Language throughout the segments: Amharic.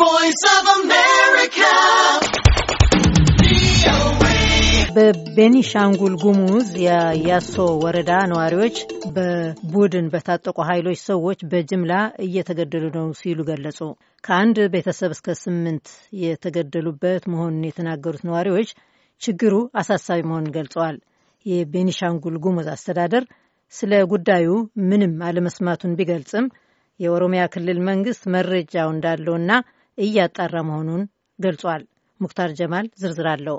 voice of America. በቤኒሻንጉል ጉሙዝ የያሶ ወረዳ ነዋሪዎች በቡድን በታጠቁ ኃይሎች ሰዎች በጅምላ እየተገደሉ ነው ሲሉ ገለጹ። ከአንድ ቤተሰብ እስከ ስምንት የተገደሉበት መሆኑን የተናገሩት ነዋሪዎች ችግሩ አሳሳቢ መሆኑን ገልጸዋል። የቤኒሻንጉል ጉሙዝ አስተዳደር ስለ ጉዳዩ ምንም አለመስማቱን ቢገልጽም የኦሮሚያ ክልል መንግስት መረጃው እንዳለውና እያጣራ መሆኑን ገልጿል። ሙክታር ጀማል ዝርዝር አለው።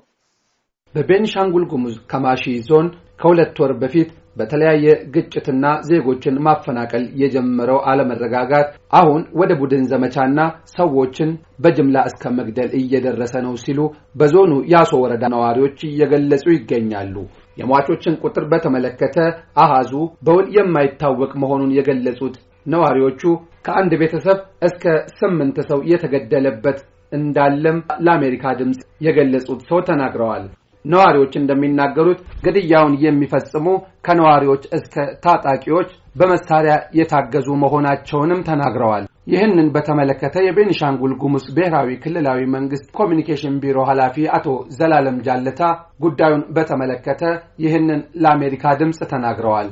በቤንሻንጉል ጉሙዝ ከማሺ ዞን ከሁለት ወር በፊት በተለያየ ግጭትና ዜጎችን ማፈናቀል የጀመረው አለመረጋጋት አሁን ወደ ቡድን ዘመቻና ሰዎችን በጅምላ እስከ መግደል እየደረሰ ነው ሲሉ በዞኑ ያሶ ወረዳ ነዋሪዎች እየገለጹ ይገኛሉ። የሟቾችን ቁጥር በተመለከተ አሃዙ በውል የማይታወቅ መሆኑን የገለጹት ነዋሪዎቹ ከአንድ ቤተሰብ እስከ ስምንት ሰው የተገደለበት እንዳለም ለአሜሪካ ድምፅ የገለጹት ሰው ተናግረዋል። ነዋሪዎች እንደሚናገሩት ግድያውን የሚፈጽሙ ከነዋሪዎች እስከ ታጣቂዎች በመሳሪያ የታገዙ መሆናቸውንም ተናግረዋል። ይህንን በተመለከተ የቤኒሻንጉል ጉሙዝ ብሔራዊ ክልላዊ መንግስት ኮሚኒኬሽን ቢሮ ኃላፊ አቶ ዘላለም ጃለታ ጉዳዩን በተመለከተ ይህንን ለአሜሪካ ድምፅ ተናግረዋል።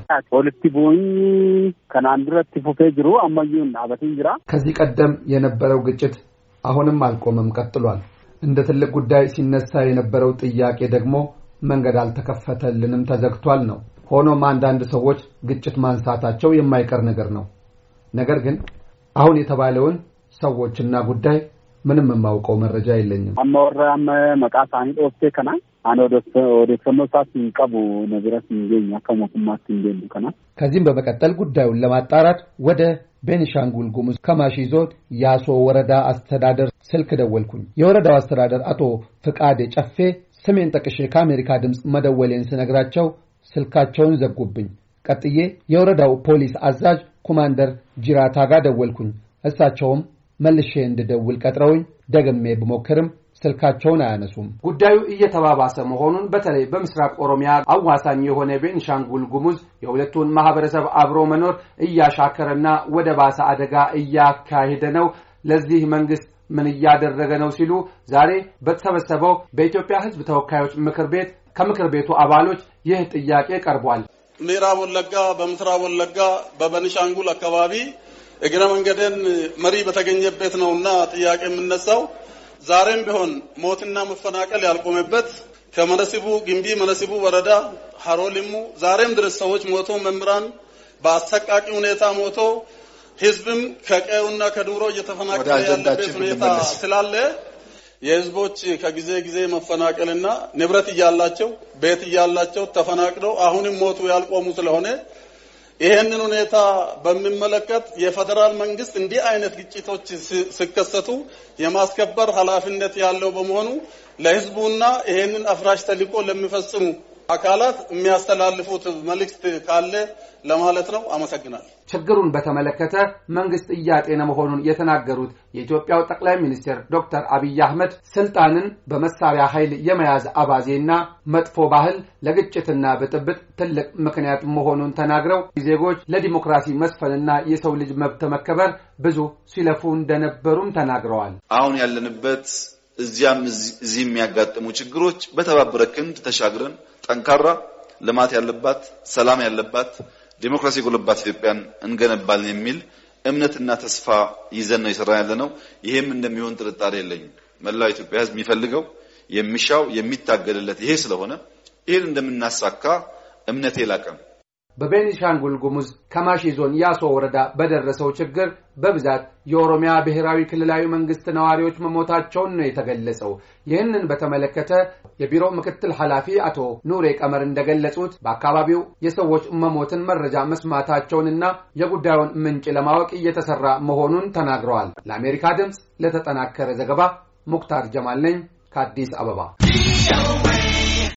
ከዚህ ቀደም የነበረው ግጭት አሁንም አልቆመም፣ ቀጥሏል። እንደ ትልቅ ጉዳይ ሲነሳ የነበረው ጥያቄ ደግሞ መንገድ አልተከፈተልንም፣ ተዘግቷል ነው። ሆኖም አንዳንድ ሰዎች ግጭት ማንሳታቸው የማይቀር ነገር ነው። ነገር ግን አሁን የተባለውን ሰዎችና ጉዳይ ምንም የማውቀው መረጃ የለኝም። አመወራም መቃሳኒ ዶስቴ ከና ቀቡ ከዚህም በመቀጠል ጉዳዩን ለማጣራት ወደ ቤኒሻንጉል ጉሙዝ ከማሺ ዞን የአሶ ወረዳ አስተዳደር ስልክ ደወልኩኝ። የወረዳው አስተዳደር አቶ ፍቃዴ ጨፌ ስሜን ጠቅሼ ከአሜሪካ ድምፅ መደወሌን ስነግራቸው ስልካቸውን ዘጉብኝ። ቀጥዬ የወረዳው ፖሊስ አዛዥ ኮማንደር ጅራታ ጋር ደወልኩኝ። እሳቸውም መልሼ እንድደውል ቀጥረውኝ ደግሜ ብሞክርም ስልካቸውን አያነሱም። ጉዳዩ እየተባባሰ መሆኑን በተለይ በምስራቅ ኦሮሚያ አዋሳኝ የሆነ ቤንሻንጉል ጉሙዝ የሁለቱን ማህበረሰብ አብሮ መኖር እያሻከረና ወደ ባሰ አደጋ እያካሄደ ነው። ለዚህ መንግስት ምን እያደረገ ነው ሲሉ ዛሬ በተሰበሰበው በኢትዮጵያ ሕዝብ ተወካዮች ምክር ቤት ከምክር ቤቱ አባሎች ይህ ጥያቄ ቀርቧል። ምዕራብ ወለጋ፣ በምስራብ ወለጋ፣ በበንሻንጉል አካባቢ እግረ መንገድን መሪ በተገኘበት ነውና ጥያቄ የምነሳው ዛሬም ቢሆን ሞትና መፈናቀል ያልቆመበት ከመረሲቡ ግንቢ መረሲቡ ወረዳ ሀሮ ሊሙ ዛሬም ድረስ ሰዎች ሞቶ መምህራን በአሰቃቂ ሁኔታ ሞቶ ህዝብም ከቀዩና ከዱሮ እየተፈናቀለ ያለበት ሁኔታ ስላለ የህዝቦች ከጊዜ ጊዜ መፈናቀልና ንብረት እያላቸው ቤት እያላቸው ተፈናቅለው አሁንም ሞቱ ያልቆሙ ስለሆነ ይህንን ሁኔታ በሚመለከት የፌደራል መንግስት እንዲህ አይነት ግጭቶች ሲከሰቱ የማስከበር ኃላፊነት ያለው በመሆኑ ለህዝቡና ይሄንን አፍራሽ ተልዕኮ ለሚፈጽሙ አካላት የሚያስተላልፉት መልእክት ካለ ለማለት ነው። አመሰግናለሁ። ችግሩን በተመለከተ መንግስት እያጤነ መሆኑን የተናገሩት የኢትዮጵያው ጠቅላይ ሚኒስትር ዶክተር አብይ አህመድ ስልጣንን በመሳሪያ ኃይል የመያዝ አባዜና መጥፎ ባህል ለግጭትና ብጥብጥ ትልቅ ምክንያት መሆኑን ተናግረው ዜጎች ለዲሞክራሲ መስፈንና የሰው ልጅ መብት መከበር ብዙ ሲለፉ እንደነበሩም ተናግረዋል። አሁን ያለንበት እዚያም እዚህ የሚያጋጥሙ ችግሮች በተባበረ ክንድ ተሻግረን ጠንካራ ልማት ያለባት ሰላም ያለባት ዲሞክራሲ የጎለባት ኢትዮጵያን እንገነባለን የሚል እምነትና ተስፋ ይዘን ነው የሰራን ያለ ነው። ይሄም እንደሚሆን ጥርጣሬ የለኝም። መላው ኢትዮጵያ ሕዝብ የሚፈልገው የሚሻው የሚታገልለት ይሄ ስለሆነ ይሄን እንደምናሳካ እምነቴ ላቀም በቤኒሻንጉል ጉሙዝ ከማሺ ዞን ያሶ ወረዳ በደረሰው ችግር በብዛት የኦሮሚያ ብሔራዊ ክልላዊ መንግስት ነዋሪዎች መሞታቸውን ነው የተገለጸው። ይህንን በተመለከተ የቢሮ ምክትል ኃላፊ አቶ ኑሬ ቀመር እንደገለጹት በአካባቢው የሰዎች መሞትን መረጃ መስማታቸውንና የጉዳዩን ምንጭ ለማወቅ እየተሰራ መሆኑን ተናግረዋል። ለአሜሪካ ድምፅ ለተጠናከረ ዘገባ ሙክታር ጀማል ነኝ ከአዲስ አበባ